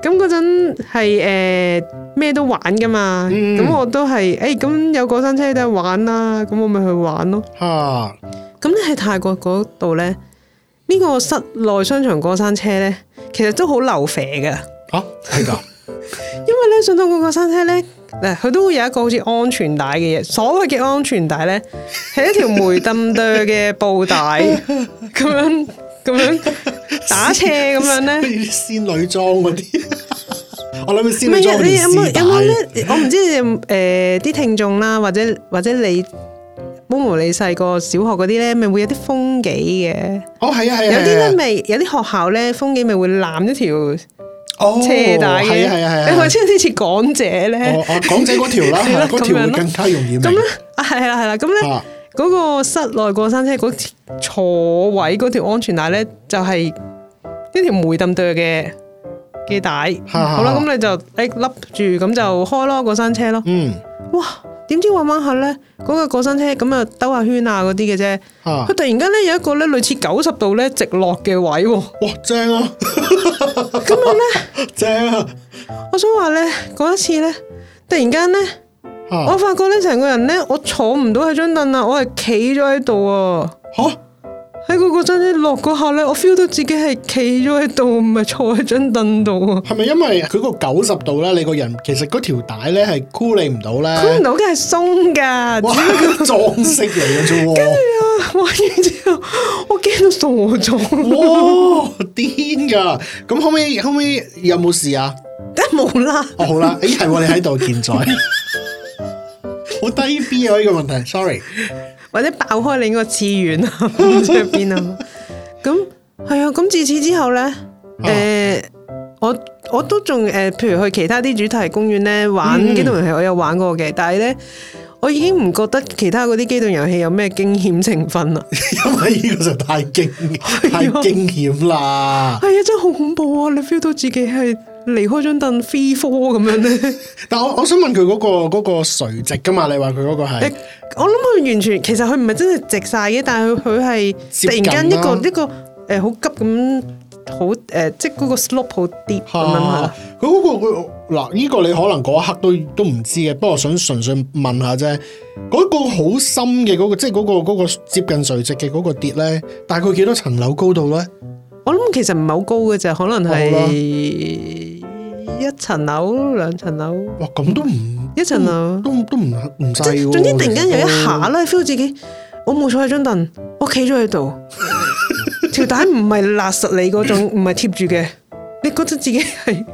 咁嗰陣係咩都玩噶嘛，咁、嗯、我都係誒咁有過山車都係玩啦、啊，咁我咪去玩咯。嚇、啊，咁你喺泰國嗰度咧？呢個室內商場過山車咧，其實都好流肥嘅。嚇、啊，係㗎。 因為咧，上到嗰個過山車咧，嗱，佢都會有一個好似安全帶嘅嘢。所謂嘅安全帶咧，係一條梅登多嘅布帶，咁 樣咁樣打車咁樣咧。好似啲仙女裝嗰啲。我諗係仙女裝嗰條絲帶。你有冇？我唔知你有誒啲聽眾啦，或者或者你。冇冇你細個小學嗰啲咧，咪會有啲風紀嘅。哦，係啊係啊，有啲咧咪有啲學校咧風紀咪會攬一條哦車帶嘅，係啊係啊，你咪穿啲似港姐咧。港姐嗰條啦，嗰條更加容易。咁啊係啦係啦，咁咧嗰個室內過山車嗰坐位嗰條安全帶咧，就係一條梅冧哚嘅嘅帶。好啦，咁你就誒笠住，咁就開咯過山車咯。嗯，哇！點知玩玩下咧，嗰、個過山車咁啊兜下圈啊嗰啲嘅啫，佢突然間咧有一個咧類似九十度咧直落嘅位喎，哇正啊！咁樣咧，正啊！我想話咧嗰一次咧，突然間咧，啊、我發覺咧成個人咧我坐唔到喺張凳啦，我係企咗喺度啊！喺嗰個真咧落嗰下咧，我 feel 到自己係企咗喺度，唔係坐喺張凳度啊！係咪因為佢個九十度咧，你個人其實嗰條帶咧係箍你唔到咧？箍唔到嘅係鬆噶裝飾嚟嘅啫。跟住啊，玩完之後我驚到傻咗，哇癲噶！咁後尾後尾有冇事啊？梗冇啦。哦好啦，誒係，你喺度健在，好低 B 啊！呢個問題，sorry。或者爆開你個次元啊？喺邊啊？咁係啊！咁自此之後咧，誒、啊呃，我我都仲誒、呃，譬如去其他啲主題公園咧玩機動遊戲，我有玩過嘅，嗯、但係咧，我已經唔覺得其他嗰啲機動遊戲有咩驚險成分啦， 因為呢個就太驚 太驚險啦。係啊， 真係好恐怖啊！你 feel 到自己係。離開張凳 three four 咁樣咧， 但係我我想問佢嗰、嗰個、嗰個垂直噶嘛？你話佢嗰個係、呃？我諗佢完全其實佢唔係真係直晒嘅，但係佢佢係突然間一個近、啊、一個誒好、呃、急咁好誒，即係嗰個 slope 好跌咁樣吓。佢、啊嗰個嗱呢、呃呢個你可能嗰一刻都都唔知嘅，不過我想純粹問下啫。嗰、嗰個好深嘅、嗰個即係、嗰、嗰個、嗰個接近垂直嘅嗰個跌咧，大概幾多層樓高度咧？我諗其實唔係好高嘅就可能係。一層樓兩層樓，兩層樓，哇咁都唔一層樓，都都唔唔細。總之突然間有一下啦，feel 到對 自己，我冇坐喺張凳，我企咗喺度，條帶唔係勒實你嗰種，唔係貼住嘅，你覺得自己係。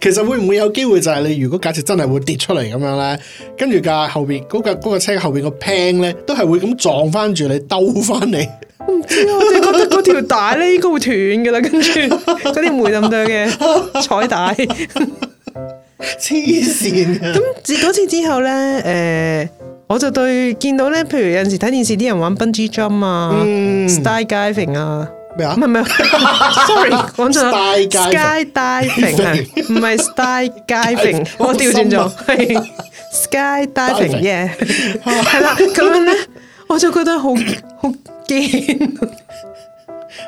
其實會唔會有機會就係你如果假設真係會跌出嚟咁樣咧，跟住架後邊嗰架嗰個車後邊個 pan 咧，都係會咁撞翻住你兜翻你。我唔知啊，我只覺得嗰條帶咧 應該會斷噶啦，跟住嗰啲梅咁多嘅彩帶，黐 線、 啊。咁自嗰次之後咧，誒、呃，我就對見到咧，譬如有陣時睇電視啲人玩 bungee jump 啊 skydiving 啊。咩啊？係唔 sorry 講錯咗。Sky diving 唔係 sky diving，我調轉咗，係 sky diving 嘅，係啦，咁樣咧，我就覺得好好驚。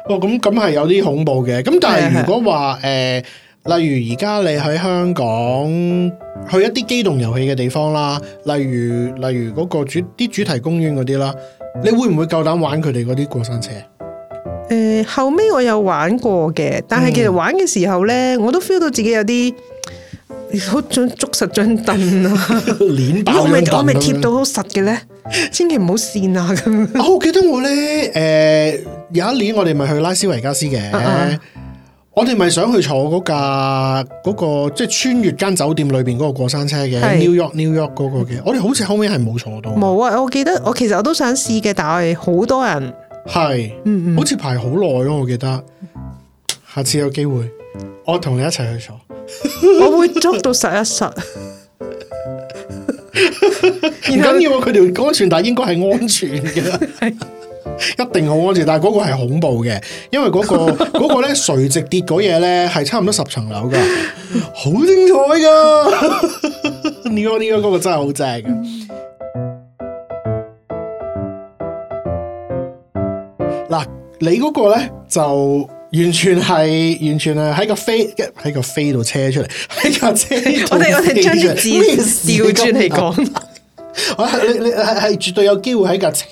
哦，咁咁係有啲恐怖嘅。咁但係如果話誒， 例如而家你喺香港去一啲機動遊戲嘅地方啦，例如例如嗰個主啲主題公園嗰啲啦，你會唔會夠膽玩佢哋嗰啲過山車？誒、呃，後尾我有玩過嘅，但係其實玩嘅時候咧，嗯、我都 feel 到自己有啲好想捉實張凳啊，連把 我未我咪貼到好實嘅咧， 千祈唔好線啊咁。 我記得我咧，誒、呃，有一年我哋咪去拉斯維加斯嘅，uh uh. 我哋咪想去坐嗰架嗰個即係、那個就是、穿越間酒店裏邊嗰個過山車嘅是，New York New York 嗰、那個嘅，我哋好似後尾係冇坐到。冇 啊！我記得我其實我都想試嘅，但係好多人。係，好似排好耐咯，嗯嗯我記得。下次有機會，我同你一齊去坐。 我會捉到實一實。唔 緊 要，佢條後安全帶應該係安全嘅， 是一定好安全。但係嗰個係恐怖嘅，因為嗰、嗰個 個咧垂直跌嗰嘢咧係差唔多十層樓噶，好精彩噶。呢個呢個個真係好正。嗯你嗰個咧就完全係完全係喺個飛，喺個飛度車出嚟，喺架車 我。我哋麼 我哋將字倒轉嚟講，你你係係絕對有機會喺架車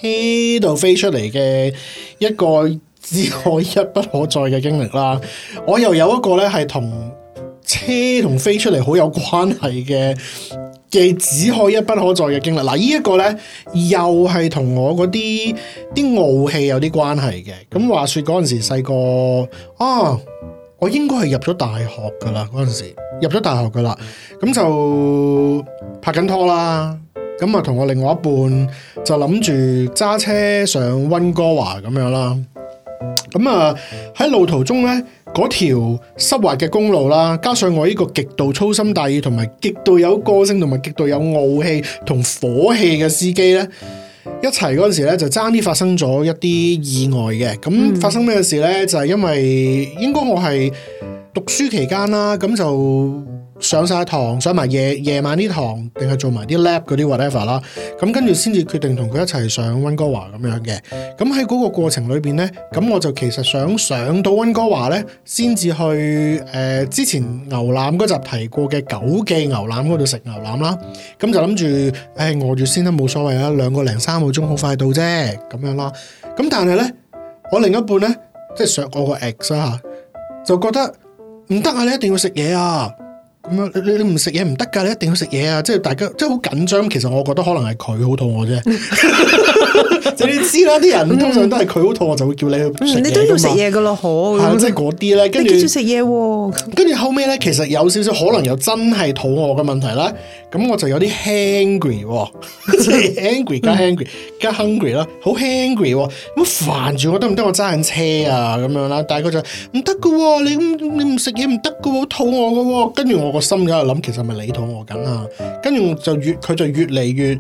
度飛出嚟嘅一個自我一不可再嘅經歷啦。我又有一個咧係同車同飛出嚟好有關係嘅。既只可一不可再嘅經歷，嗱，啊，呢一個呢，又係同我嗰啲啲傲氣有啲關係嘅。咁話說嗰陣時細個啊，我應該係入咗大學噶啦，嗰陣時入咗大學噶啦，咁就拍緊拖啦，咁啊同我另外一半就諗住揸車上溫哥華咁樣啦。咁啊喺路途中咧，嗰條濕滑嘅公路啦，加上我呢個極度粗心大意，同埋極度有個性，同埋極度有傲氣同火氣嘅司機咧，一齊嗰陣時咧，就差啲發生咗一啲意外嘅。咁發生咩事咧？嗯、就係因為應該我係讀書期間啦，咁就。上晒堂，上埋夜夜晚啲堂，定係做埋啲 lab 嗰啲 whatever 啦、啊。咁跟住先至決定同佢一齊上温哥華咁樣嘅。咁喺嗰個過程裏邊咧，咁我就其實想上到温哥華咧，先至去誒、呃、之前牛腩嗰集提過嘅九記牛腩嗰度食牛腩啦。咁就諗住誒餓住先啦，冇、呃呃呃呃呃呃呃、所謂啦，兩個零三個鐘好快到啫，咁樣啦。咁、啊、但係咧，我另一半咧即係上我個 x 啦、啊，就覺得唔得啊，你一定要食嘢啊！咁啊！你你唔食嘢唔得噶，你一定要食嘢啊！即係大家即係好緊張。其實我覺得可能係佢好肚餓啫。 你知啦，啲人通常都係佢好肚餓，嗯、就會叫你去你都要食嘢噶咯，好，即係嗰啲咧。跟住食嘢。哦、跟住後尾咧，其實有少少可能又真係肚餓嘅問題啦。咁我就有啲 hangry，即係 angry 加 hungry 加 hungry 啦、哦，好 hungry 咁煩住我，得唔得？我揸緊車啊咁樣啦。但係佢就唔得噶，你你唔食嘢唔得噶，好肚餓噶。跟住我。心喺度諗，其實係咪你肚餓緊啊？跟住就越佢就越嚟越。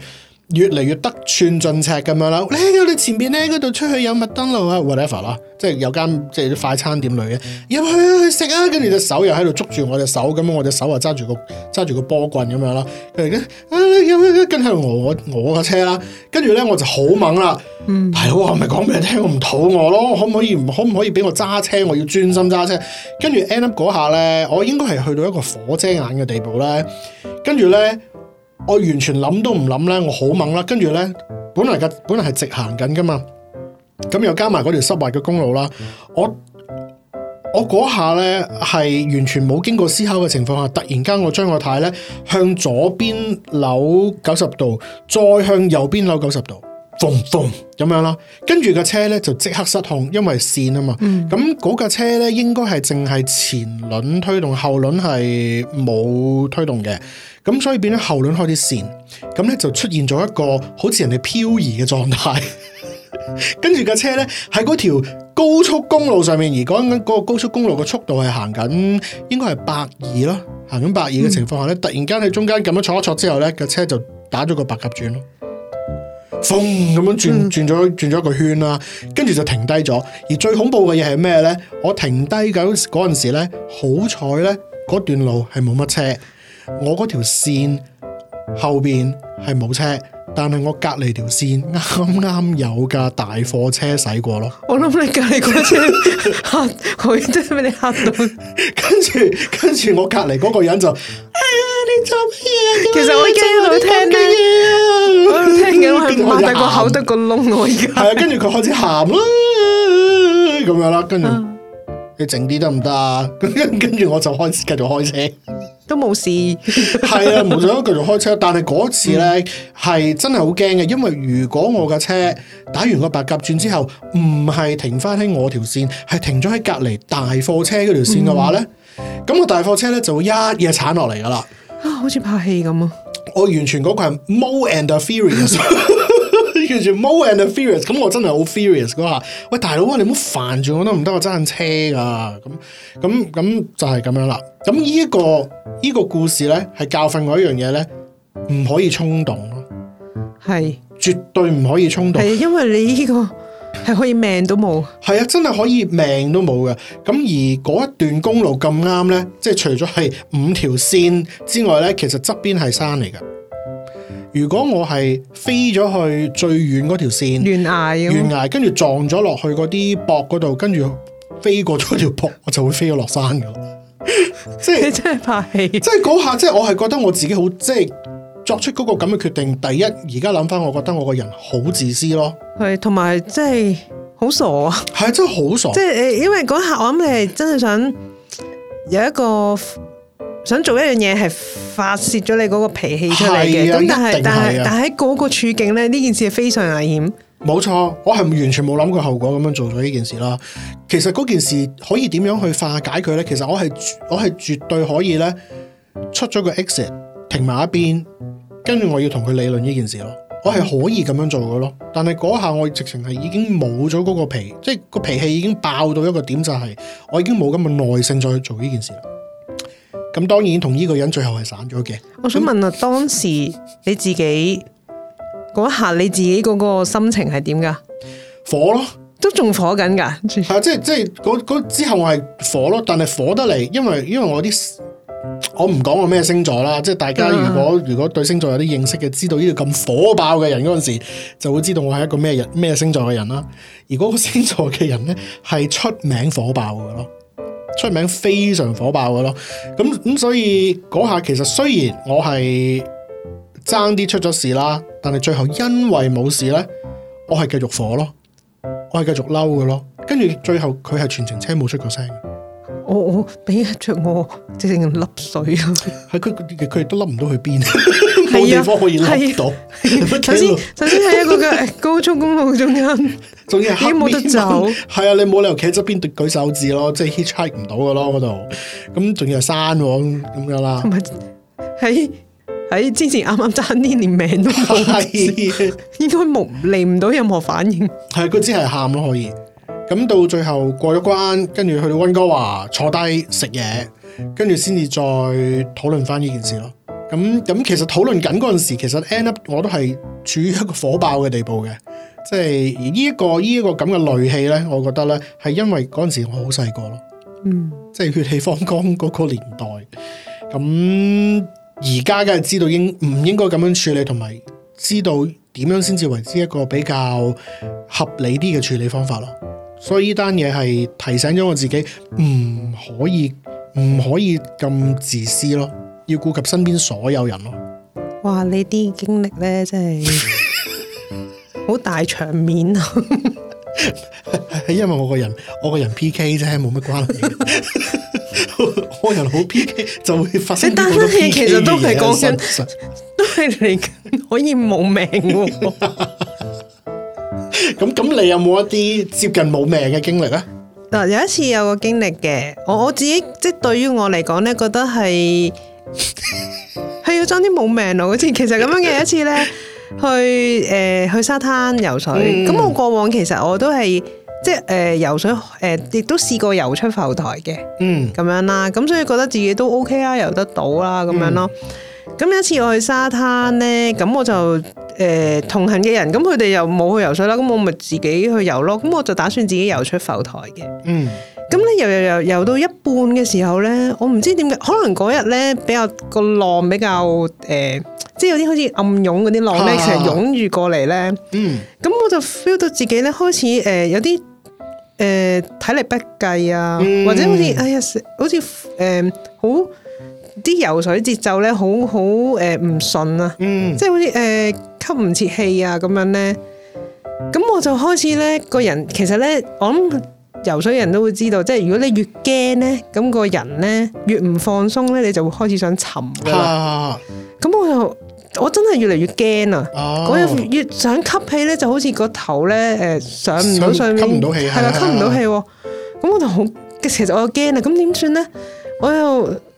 越嚟越得寸進尺咁樣啦！咧我哋前邊咧嗰度出去有麥當勞啊，whatever 啦，即係有間即係快餐店類嘅，入去去食啊！跟住隻手又喺度捉住我隻手咁樣，我隻手啊揸住個揸住個波棍咁樣啦、啊。跟住咧跟喺我我嘅車啦，跟住咧我就好猛啦。係我咪講俾你聽，我唔肚餓咯，可唔可以可唔可以俾我揸車？我要專心揸車。跟住 end up 嗰下咧，我應該係去到一個火遮眼嘅地步咧。跟住咧。我完全諗都唔諗咧，我好猛啦，跟住咧，本來嘅本來係直行緊噶嘛，咁又加埋嗰條濕滑嘅公路啦、嗯，我我嗰下咧係完全冇經過思考嘅情況下，突然間我將個軚咧向左邊扭九十度，再向右邊扭九十度 boom boom 咁樣啦，跟住個車咧就即刻失控，因為線啊嘛，咁嗰架車咧應該係淨係前輪推動，後輪係冇推動嘅。咁所以變咗後輪開啲線，咁咧就出現咗一個好似人哋漂移嘅狀態， 跟住架車咧喺嗰條高速公路上面，而講緊嗰個高速公路嘅速度係行緊，應該係百二咯，行緊百二嘅情況下咧，嗯、突然間喺中間咁樣挫一挫之後咧，架車就打咗個白鴿、嗯、轉咯，風咁樣轉、嗯、轉咗轉咗一個圈啦、啊，跟住就停低咗。而最恐怖嘅嘢係咩咧？我停低嘅嗰陣時咧，好彩咧，嗰段路係冇乜車。我嗰條線後邊係冇車，但係我隔籬條線啱啱有架大貨車駛過咯。我諗你隔籬嗰車嚇， 佢都俾你嚇到。跟住跟住，我隔籬嗰個人就， 哎、呀，你做乜嘢？其實我驚到聽咧，嗯、我聽緊我係擘大個口，突個窿我而家。係啊， 跟住佢開始喊啦，咁樣啦，跟住你整啲得唔得啊？跟跟住我就開始繼續開車都冇事， 係啊，唔想繼續開車，但係嗰次呢，係真係好驚嘅，因為如果我嘅車打完個白鴿轉之後，唔係停翻喺我條線，係停咗喺隔籬大貨車嗰條線嘅話呢，咁個、嗯、大貨車呢就會一嘢鏟落嚟噶啦，啊，好似拍戲咁啊！我完全嗰個係《Mo and the Furious》。叫住 Mo and Furious 咁我真係好 furious，佢話：喂大佬，你唔好煩住我得唔得？我揸緊車噶，咁咁咁就係咁樣啦。咁呢一個呢個故事咧，係教訓我一樣嘢咧，唔可以衝動咯，係是絕對唔可以衝動。係因為你呢個係可以命都冇，係啊，真係可以命都冇噶。咁而嗰一段公路咁啱咧，即係除咗係五條線之外咧，其實側邊係山嚟噶。如果我係飛咗去最遠嗰條線，懸崖，崖，懸崖，跟住撞咗落去嗰啲薄嗰度，跟住飛過咗條薄，我就會飛咗落山噶 即係你真係拍戲，即係嗰下，即係我係覺得我自己好，即係作出嗰個咁嘅決定。第一，而家諗翻，我覺得我個人好自私咯。係，同埋即係好傻啊。係， 真係好傻。即係，因為嗰下我諗你係真係想有一個。想做一樣嘢係發洩咗你嗰個脾氣出嚟嘅，啊、但係但係、啊、但喺嗰個處境咧，呢件事係非常危險。冇錯，我係完全冇諗過後果咁樣做咗呢件事啦。其實嗰件事可以點樣去化解佢呢？其實我係我係絕對可以呢，出咗個 exit 停埋一邊，跟住我要同佢理論呢件事咯。我係可以咁樣做嘅咯。但係嗰下我直情係已經冇咗嗰個脾，即係個脾氣已經爆到一個點，就係、是、我已經冇咁嘅耐性再去做呢件事啦。咁當然同呢個人最後係散咗嘅。我想問下那當時你自己嗰下你自己嗰個心情係點噶？火咯，都仲火緊噶。係即係即係嗰之後我係火咯，但係火得嚟，因為因為我啲我唔講我咩星座啦。即係大家如果的如果對星座有啲認識嘅，知道呢個咁火爆嘅人嗰陣時，就會知道我係一個咩人咩星座嘅人啦。而果個星座嘅人咧係出名火爆嘅咯。出名非常火爆嘅咯，咁咁所以嗰下其實雖然我係爭啲出咗事啦，但係最後因為冇事咧，我係繼續火咯，我係繼續嬲嘅咯，跟住最後佢係全程車冇出過聲。我我俾一着我直情甩水，喺佢佢佢亦都甩唔到去邊，冇 地方可以甩到。首先首先喺一個嘅高速公路中間，仲要你冇得走，係啊，你冇理由企側邊舉手指咯，即係 hitchhike 唔到嘅咯嗰度。咁仲有山咁樣啦，喺喺之前啱啱爭啲連命都冇，啊、應該冇嚟唔到任何反應。係佢、啊、只係喊咯，可以。咁到最後過咗關，跟住去到溫哥華坐低食嘢，跟住先至再討論翻呢件事咯。咁咁其實討論緊嗰陣時，其實 end up 我都係處於一個火爆嘅地步嘅。即係呢一個呢一個咁嘅戾氣呢，我覺得呢係因為嗰陣時我好細個咯，嗯，即係血氣方剛嗰個年代。咁而家梗係知道應唔應該咁樣處理，同埋知道點樣先至為之一個比較合理啲嘅處理方法咯。所以呢單嘢，係提醒咗我自己，唔可以唔可以咁自私咯，要顧及身邊所有人咯。哇，你啲經歷咧真係好 大場面啊！ 因為我個人，我個人 P K 啫，冇乜關係。 我人好 P K，就會發生好多 P K 嘢。呢單嘢其實都係講緊，上都係嚟緊可以冇命。 咁咁，你有冇一啲接近冇命嘅經歷啊？嗱，有一次有一個經歷嘅，我我自己即係對於我嚟講咧，覺得係係 要差啲冇命咯。好似其實咁樣嘅一次咧，去誒、呃、去沙灘游水。咁、嗯、我過往其實我都係即係、呃、誒游水誒，亦、呃、都試過游出浮台嘅。嗯，咁樣啦，咁所以覺得自己都 OK 啊，游得到啦，咁、嗯、樣咯。咁有一次我去沙灘咧，咁我就誒、呃、同行嘅人，咁佢哋又冇去游水啦，咁我咪自己去游咯。咁我就打算自己游出浮台嘅。嗯，咁咧游游游游到一半嘅時候咧，我唔知點解，可能嗰日咧比較個浪比較誒、呃，即係有啲好似暗湧嗰啲浪咧，成日湧住過嚟，咧。嗯，咁我就 feel 到自己咧開始誒、呃、有啲誒、呃、體力不繼啊，或者好似、嗯、哎呀，好似誒、呃、好。嗯好啲游水節奏咧，好好誒，唔順啊，即係好似誒吸唔切氣啊咁樣咧，咁我就開始咧個人，其實咧，我諗游水人都會知道，即係如果你越驚咧，咁個人咧越唔放鬆咧，你就會開始想沉啦。咁、啊、我又我真係越嚟越驚啊！我越想吸氣咧，就好似個頭咧，誒、呃、上唔到上面，吸唔到氣，係啊，吸唔到氣。咁我就好，其實我又驚啊！咁點算咧？我又。我又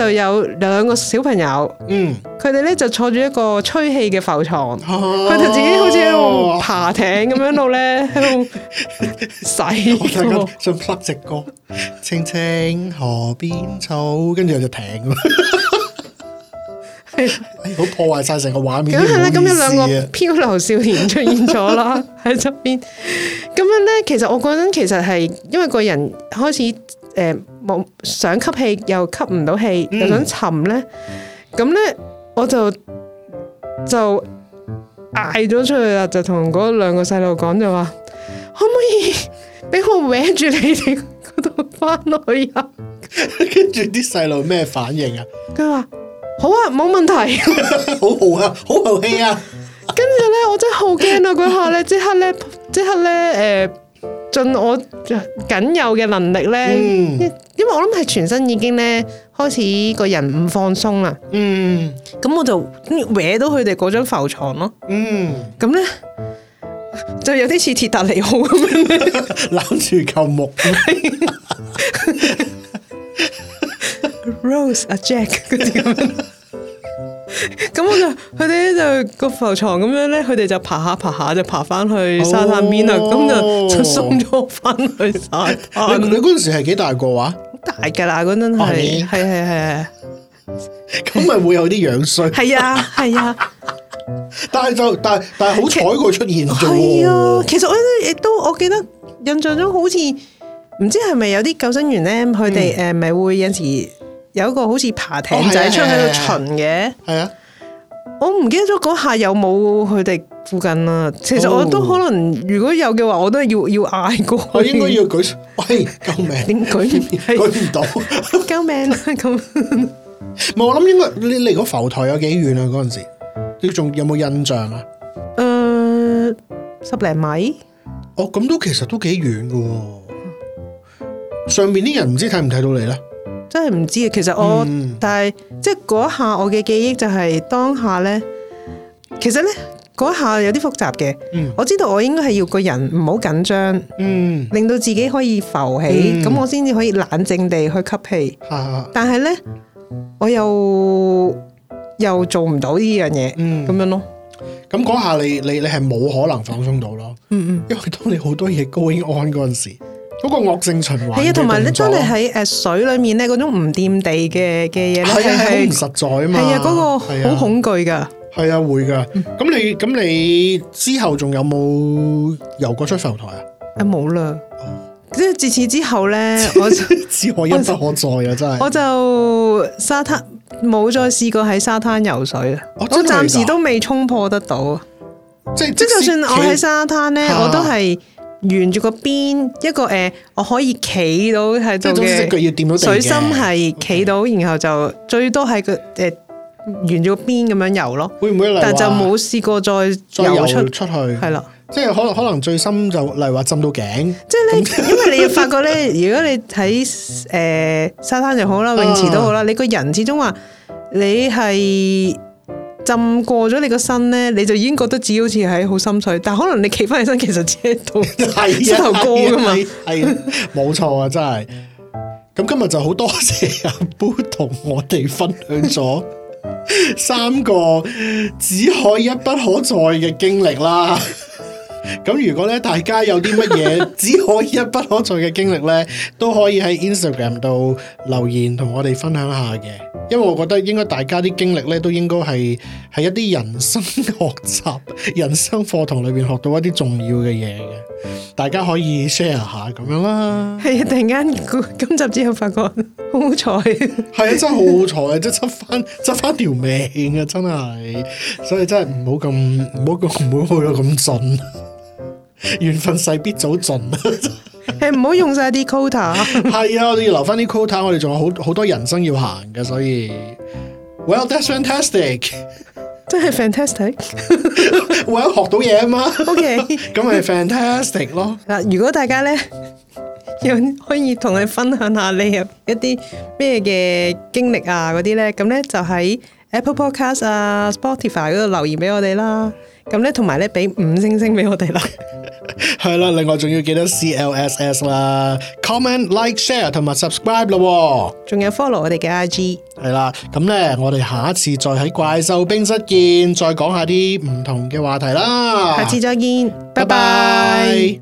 就有兩個小朋友，嗯，佢哋咧就坐住一個吹氣嘅浮床，佢哋、啊、自己好似喺度爬艇咁樣度咧喺度洗，我、哦、 想啪隻歌， 青青河邊草，跟住有隻艇，係好破壞晒成個畫面。咁係咧，咁有兩個漂流少年出現咗啦喺側邊，咁樣咧，其實我嗰陣其實係因為個人開始。誒，冇、呃、想吸氣又吸唔到氣，嗯、又想沉咧，咁咧我就就嗌咗出去啦，就同嗰兩個細路講就話，可唔可以俾我搵住你哋嗰度翻去啊？ 跟住啲細路咩反應啊？佢話好啊，冇問題， 好好啊，好豪氣啊！ 跟住咧，我真係好驚啊！佢話咧，即刻咧，即刻咧，誒。呃盡我僅有嘅能力咧，因為我諗係全身已經咧開始個人唔放鬆啦。嗯，咁我就搲到佢哋嗰張浮床咯。嗯，咁咧就有啲似鐵達尼號咁樣攬住嚿木。Rose 啊，Jack 嗰啲咁。咁我就佢哋就個浮床咁樣咧，佢哋就爬下爬下就爬翻去沙灘邊啦，咁就、oh. 就送咗翻去沙灘 你。你你嗰陣時係幾大個啊？好大噶啦，嗰陣係係係係。咁咪會有啲樣衰？係啊係啊。啊 但係就但係但係好彩佢出現咗。係啊，其實我亦都我記得印象中好似唔知係咪有啲救生員咧，佢哋誒咪會有時。有一個好似爬艇仔出喺度巡嘅，係啊，啊啊啊啊我唔記得咗嗰下有冇佢哋附近啦、啊。其實我都可能、哦、如果有嘅話，我都係要要嗌過。我應該要舉，喂、哎、救命！點舉？舉唔到！救命啦、啊！咁，唔係我諗應該你離個浮台有幾遠啊？嗰陣時，你仲有冇印象啊？誒、呃，十零米。哦，咁都其實都幾遠㗎。上面啲人唔知睇唔睇到你咧？真係唔知啊！其實我，嗯、但係即係嗰下，我嘅記憶就係當下咧。其實咧，嗰下有啲複雜嘅。嗯、我知道我應該係要個人唔好緊張，嗯、令到自己可以浮起，咁、嗯、我先至可以冷靜地去吸氣。嗯嗯、但係咧，我又又做唔到呢樣嘢，咁、嗯、樣咯。咁嗰下你你你係冇可能放鬆到咯、嗯。嗯嗯，因為當你好多嘢高興安嗰陣時。嗰個惡性循環，係啊，同埋你將你喺誒水裡面咧，嗰種唔掂地嘅嘅嘢咧，係好唔實在啊嘛！係啊，嗰個好恐懼噶。係啊，會噶。咁你咁你之後仲有冇游過出浮台啊？啊冇啦，即係自此之後咧，我只可一不可再啊！真係，我就沙灘冇再試過喺沙灘游水啦。我暫時都未衝破得到，即即就算我喺沙灘咧，我都係。沿住個邊一個誒、呃，我可以企到係即水深係企到，Okay. 然後就最多係佢誒沿住個邊咁樣游咯。會唔會？但就冇試過再游出再游出去係啦。了即係可可能最深就例如話浸到頸。即係你樣因為你要發覺咧， 如果你喺誒、呃、沙灘就好啦，泳池都好啦，啊、你個人始終話你係。浸過咗你個身咧，你就已經覺得自己好似喺好心水，但可能你企翻起身其實只係到膝頭哥噶嘛。係冇錯啊，真係。咁今日就好多謝阿 Boo 同我哋分享咗 三個只可一不可再嘅經歷啦。咁如果咧，大家有啲乜嘢只可以一不可再嘅經歷咧， 都可以喺 Instagram 度留言同我哋分享下嘅。因為我覺得應該大家啲經歷咧，都應該係係一啲人生學習、人生課堂裏邊學到一啲重要嘅嘢嘅。大家可以 share 下咁樣啦。係啊，突然間今集之後發覺好好彩。係 啊，真係好好彩啊，即係執翻執翻條命啊，真係。所以真係唔好咁唔好咁唔好去到咁盡。 緣分勢必早盡啊！係，唔好用晒啲 quota。係啊，我哋要留翻啲 quota，我哋仲有好好多人生要行嘅，所以。Well that's fantastic，真係 fantastic。Well 學到嘢啊嘛，OK，咁係 fantastic 咯。嗱，如果大家咧有可以同你分享下你一啲咩嘅經歷啊嗰啲咧，咁咧就喺 Apple Podcast 啊、Spotify 嗰度留言俾我哋啦。咁咧，同埋咧，俾五星星俾我哋啦。係啦，另外仲要記得 C L S S 啦，comment、like、share 同埋 subscribe 啦，仲有 follow 我哋嘅 I G。係啦，咁咧，我哋下一次再喺怪獸冰室見，再講下啲唔同嘅話題啦。下次再見，bye bye 拜拜。